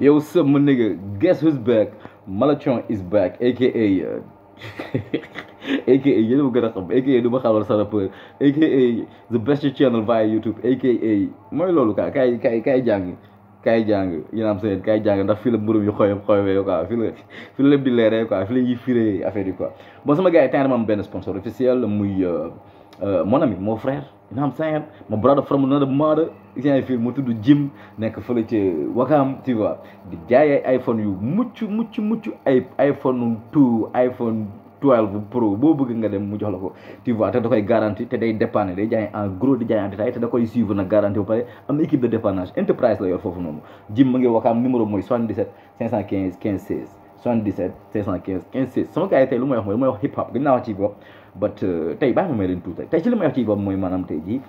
yow what's up, my nigga? Guess who's back? Malachon is back, aka. aka uh, yéen ma gën a xam aka du ma xamal sa rappeur aka the best channel via YouTube aka mooy loolu kaa kaay kaay kaay jàng kaay jàng yéen am seen kaay jàng ndax fii la mburum yu xoyam xoyamee quoi fii la fii la lépp di leeree quoi fii affaire yi quoi bon sama gars yi tey dama am benn sponsor officiel muy. Uh, Euh, mon ami mon frère you know what I'm saying my brother from another mother yaa ngi fi mu tudd Jim nekk fële ci Wakaam tu vois di jaay ay iPhone yu mucc mucc mucc ay iPhone 2 iPhone 12 pro boo bëgg nga dem mu jox la ko tu vois te da koy garanti te day dépanner day jaay en gros di jaay en détail te da koy suivre nag garanti ba pare am na équipe de dépannage enterprise la yor foofu noonu Jim mu ngi Wakaam numéro mooy 77 515 15 16. 77 515 15 6 sama gars yi tey lu may wax mooy lu may wax hip hop gën naa wax ci bopp but euh, tey bàyyi ma may leen tuuti tey ci wax ci mooy maanaam tey jii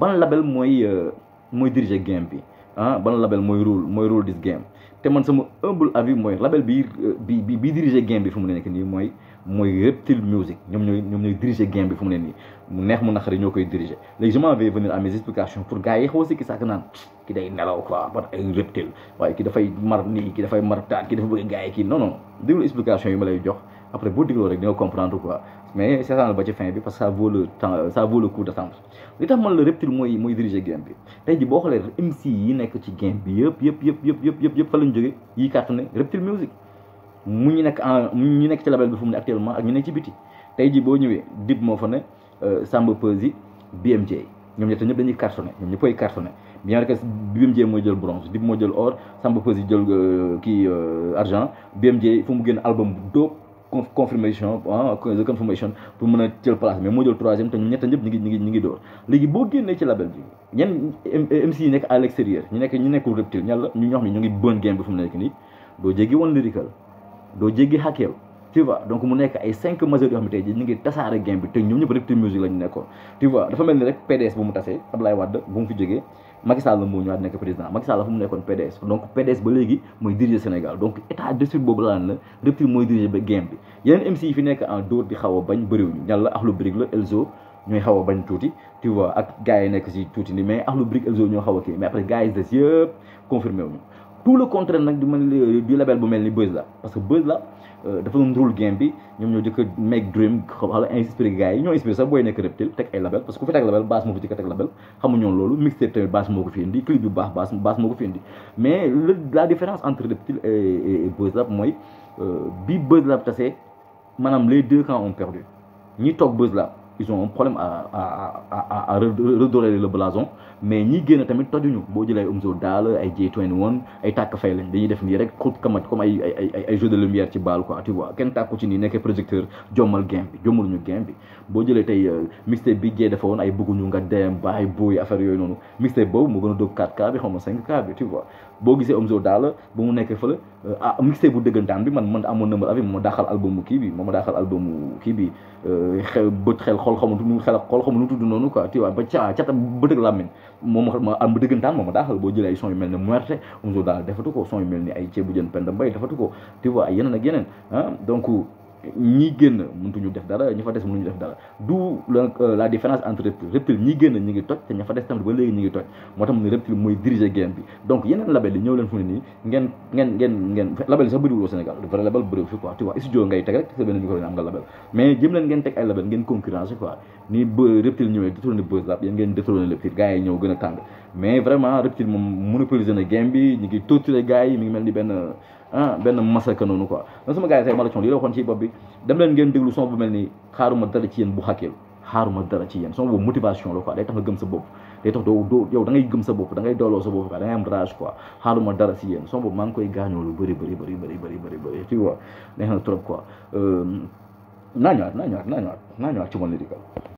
ban label mooy euh, mooy diriger game bi ah ban label mooy rule mooy rule this game te man sama humble avis mooy label bi euh, bi bi diriger game bi fu mu nekk nii mooy mooy reptile music ñoom ñooy ñoom game bi fu mu ne mu neex mu naqari ñoo koy diriger léegi je m'en venir à mes explications pour gars yi ki sàkk naan ki day nelaw quoi ba ay reptile ki dafay mar nii ki dafay mar taat ki dafa bëgg gars yi kii ma lay jox après boo dégloo rek di nga comprendre quoi mais seetaan ba ci fin mooy mooy game bi tey ji boo xoolee MC yi nekk ci game bi yëpp yëpp yëpp yëpp yëpp yi kàtt ne music mu ñu nekk en ñu nekk ci label bi fu mu ne actuellement ñu nekk ci biti tey jii boo ñëwee dib moo fa ne euh, Samba Peuzzi BMJ ñoom ñett ñëpp dañuy cartonné ñoom ñëpp ay cartonné bien que BMJ mooy jël moo jël or Samba Peuzzi jël euh, kii euh, argent BMJ fu mu génn album dóob confirmation ah a jël place mais moo jël troisième te ñun ñëpp ñu ngi ñu ngi ñu ngi door léegi boo génnee ci label bi ñenn nekk ñu nekk ñu nekkul reptile ñàlla ñu ñoo xam ñu ngi bon game bi fu mu nekk nii doo jéggi woon lyrical doo jéggi xàkkeel tu vois donc mu nekk ay cinq majeurs yoo xam ne tey jii ñu ngi tasaare game bi te ñoom ñëpp rek te musique la ñu nekkoon tu vois dafa mel ni rek PDS bu mu tasee Abdoulaye Wade bu mu fi jógee Macky Sall moo ñëwaat nekk président Macky Sall fu mu nekkoon PDS donc PDS ba léegi mooy diriger Sénégal donc état d'esprit boobu laa la rupture mooy diriger game bi yeneen MC yi fi nekk en dóor di xaw a bañ bëriwuñu ñàlla Akhlou Brick la tuuti tu ak gars yi nekk si tuuti ni mais Akhlou Brick Elzo ñoo xaw a kii mais après gars yi tout le contraire nag du man euh, du label bu melni Buzz la parce que Buzz la euh, dafa doon rôle game bi ñom ñoo jëkk make dream xam nga inspiré gaay ñoo inspiré sa boy nek reptile tek ay label parce que ku fi tek label baas mo fi jëkk tek label xamu woon lolu mixtape tamit baas moko fi indi clip yu baax baas baas moo fi indi mais la différence entre reptile et Buzz la mooy euh, bi Buzz la tassé manam les deux camps ont perdu ñi tok Buzz la ils ont un problème à à redorer le blason mais ñi génn tamit tojuñu boo jëlee ay ay J21 ay tàkk fay lañ dañuy def ni rek comme jeu de lumière ci bal, quoi tu vois projecteur game game bi euh, ay bëgguñu nga boy affaire 4K tu vois. boo gisee Omzo daal ba mu nekkee fële euh, ah mixtape bu dëggantaan bi man man amoon na ma avis ma daaxal album kii bi ma daaxal album kii bi euh, xel bët xel xool xamu nu xel xool xamu nu tudd noonu quoi tu vois ba ca cata ba dëgg làmmiñ moom ma am ba dëggantaan moom ma daaxal boo jëlee ay son mel ne muerte Omzo Dollar defatu ko son mel ni ay ceebu jën penda mbay defatu ko tu vois ay yeneen ak yeneen ah ñi génn mënutuñu def dara ñi fa des mënuñu def dara d'où euh, la différence entre reptile reptile ñi génn ñi ngi toj te ña des tamit ba léegi ñi ngi toj moo tax mu ne reptile mooy diriger game bi donc yeneen label yi fu ne nii ngeen ngeen ngeen ngeen label yi sax bëriwul au Sénégal vrai label bëriwul fi quoi tu vois studio ngay teg rek sa benn micro am nga label mais jëm ngeen teg ay label ngeen concurrence quoi ni bë reptile ñëwee détourné buzz lab yéen ngeen détourné le tir gars yi ñëw gën a tàng mais vraiment reptile moom monopolisé na game bi ñu ngi torturé gars yi mi ngi mel ni benn ah benn massacre noonu quoi donc sama gars yi tey ma la coon lii la waxoon ci bopp bi dem leen ngeen déglu son bu mel ni xaaruma dara ci yéen bu xàkkeelu xaaruma dara ci yéen son boobu motivation la quoi day tax nga gëm sa bopp day tax doo doo yow da ngay gëm sa bopp da ngay dooloo sa bopp quoi da ngay am rage quoi xaaruma dara si yéen son boobu maa ngi koy gaañoo lu bëri bëri bëri bëri bëri bëri bëri tu vois neex na trop quoi euh, naa ñëwaat naa ñëwaat naa ñëwaat naa ñëwaat ci mon lyrical